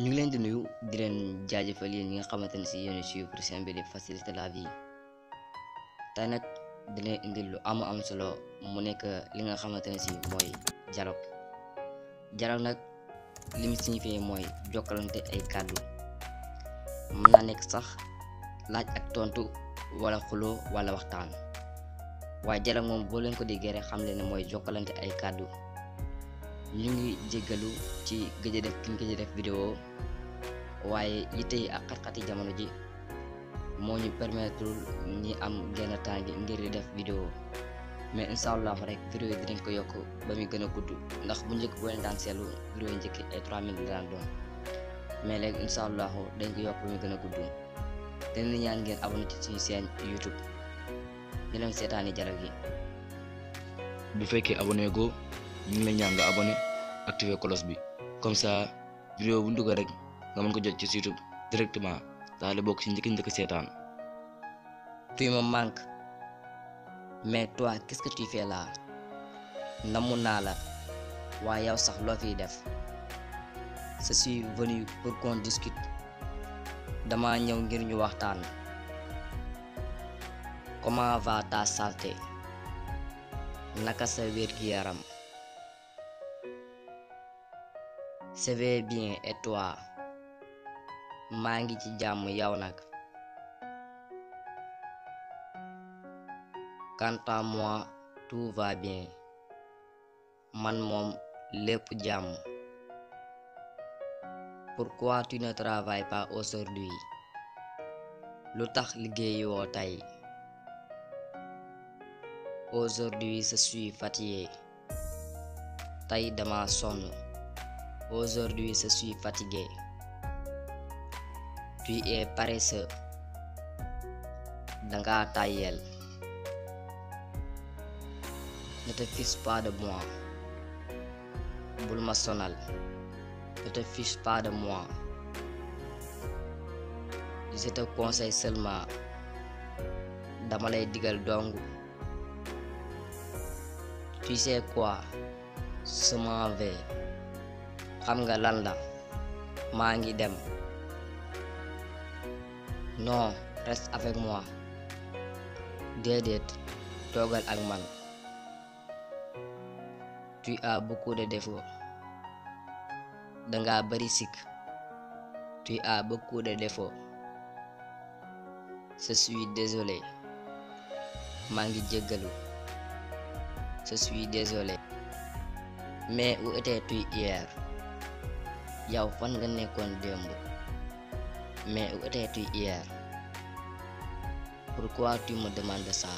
ñu ngi leen di nuyu di leen jaajëfal yéen ñi nga xamante ne si yéen suivre seen bi di faciliter la vie te nag dina indi lu am am solo mu nekk li nga xamante ne si mooy dialogue dialogue nag li mu signifié mooy jokkalante ay kàddu mën na nekk sax laaj ak tontu wala xuloo wala waxtaan waaye dialogue moom boo leen ko déggee rek xam leen ne mooy jokkalante ay kàddu ñu ngi jéggalu ci gëj def ki ñu def vidéo waaye yitte yi ak xat-xati jamono ji moo ñu permettre ñi am genn temps ngir di def vidéo mais incha allah rek vidéo yi dinañ ko yokk ba muy gën a gudd ndax bu njëkk boo leen daan seetlu vidéo yi njëkk ay 3 minutes daan doon mais léegi incha allah dañ ko yokk ba muy gën a gudd dinañ ñaan ngeen abonné ci suñu chaîne YouTube ñu leen seetaani jaral gi bu fekkee abonné ñu ngi lay ñaan nga abonné activer bi comme sa vidéo bu ndugal rek nga mën ko jot ci YouTube directement daal di bokk ci njëkk njëkk seetaan. tu me manques mais toi qu'est-ce que tu fais là namu naa la waaye yow loo fiy def je suis venu pour qu'on discute dama ñëw ngir ñu waxtaan. comment va ta santé naka sa wér-gi-yaram ça va bien et maa ngi ci jàmm yow nag quant à moi bien man moom lépp jàmm pourquoi tu ne travailles pas aujourd'hui lu tax liggéeyoo tey aujourd'hui je suis fatigué tey dama sonn Aujourd'hui, je suis fatigué. Tu es paresseux. Danga tayel. Ne te pas de moi. Bul ma sonal. Ne te pas de moi. Je te conseille seulement. Dama lay digal dong. Tu sais quoi? Je m'en xam nga lan la maa ngi dem non reste avec moi déedéet toogal ak man tu as beaucoup de défauts danga bari sikk tu as beaucoup de défauts je suis désolé maa ngi jéggalu je suis désolé mais où étais-tu hier yow fan nga nekkoon démb mais où étais-tu hier pourquoi tu me demandes ça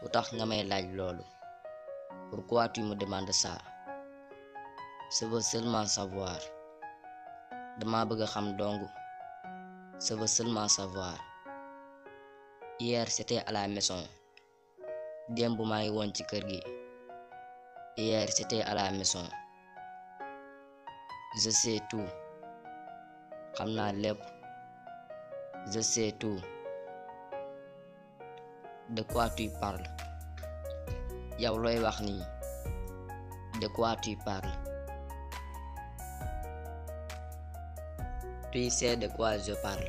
lu tax nga may laaj loolu pourquoi tu me demandes ça je veux savoir dama bëgg a xam dong je veux seulement savoir hier c'était à la maison démb maa ngi woon ci kër gi hier c'était à la maison je sais tout xam naa lépp je sais tout de quoi tu parles yow looy wax nii de quoi tu parles tu sais de quoi je parle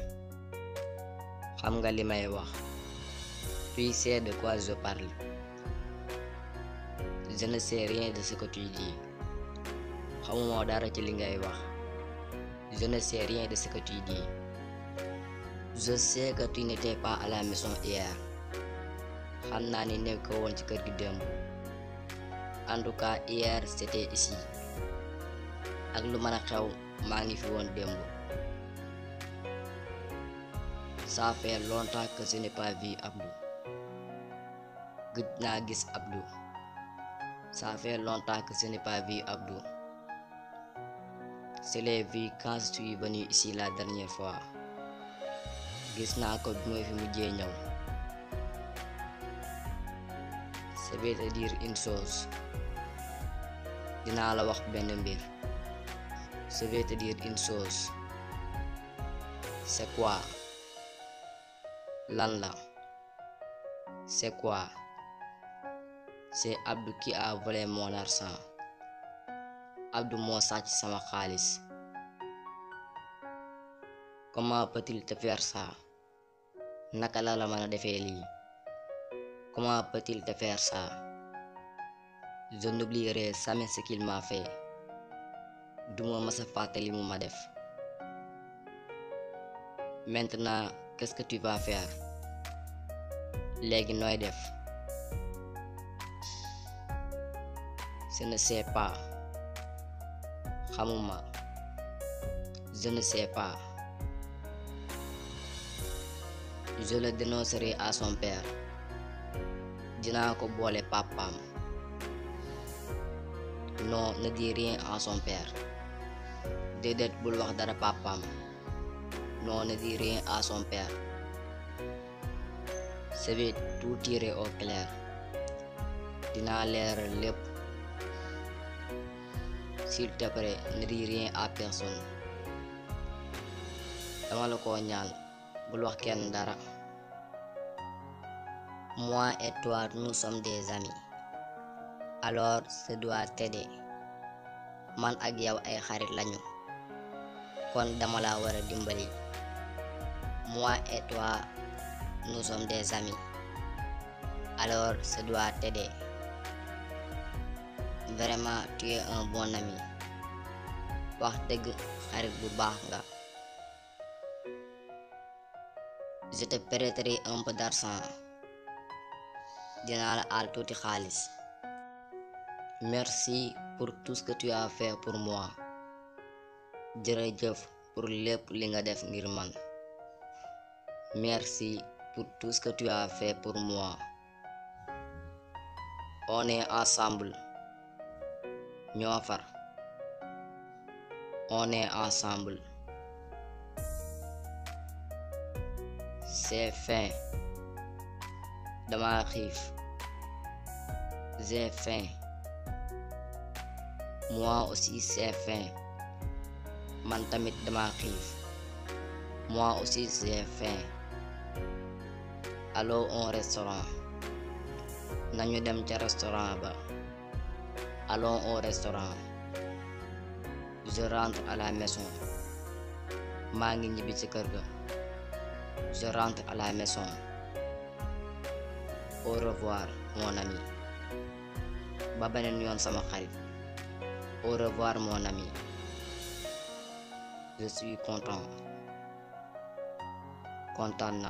xam nga li may wax tu sais de quoi je parle je ne sais rien de ce que xamuma dara ci li ngay wax je ne sais de ce que tu dis je sais que pas à la maison hier xam naa ni nekkoo woon ci kër gi démb en tout cas hier ak lu mën a xew maa ngi fi woon démb ça fait longtemps que je n'ai pas vu Abdou gëj naa gis Abdou ça longtemps que je Abdou je l'ai vu quand je suis venu fois gis naa ko bi mooy fi mujjee ñëw ça veut dire une dinaa la wax benn mbir ça diir dire une chose c'est quoi lan la c'est quoi c'est Abdou qui a volé mon Abdou moo sàcc sama xaalis comment peut-il te faire ça naka la la mën a defee lii comment peut-il te faire ça je n'oublierai jamais ce qu'il m'a fait duma mas a fàtte mu ma def maintenant qu'est-ce que tu vas faire léegi nooy def je ne sais pas xamuma je ne sais pas je le dénoncerai à son père dinaa ko boole papaam non ne dis rien à son père déedéet bul wax dara papam non ne dis rien à son père je vais tout tirer au clair dinaa lépp s'il te plaît ne dis dama la ko ñaan bul wax dara moi et toi nous sommes des amis alors ça doit t'aider man ak yow ay xarit lañu kon dama la war a dimbali moi et toi nous sommes des amis alors ça doit vraiment tu es bon ami wax dëgg xarit bu baax nga je te prêterai un peu d'argent dinaa la tuuti xaalis merci pour tout ce que tu fait pour moi jërëjëf pour lépp li nga def ngir man merci pour tout ce que tu fait pour moi on ensemble ñoo far on est ensemble c'est fin dama xiif j'ai faim moi aussi c'est faim man tamit dama xiif moi aussi j'ai faim allons au restaurant nañu dem ca restaurant ba Allons au restaurant. Je rentre à la maison. maa ngi ñibbi ci kër ga. Je à la maison. Au revoir, mon ami. ba yoon sama xarit. Au revoir, mon ami. Je suis content.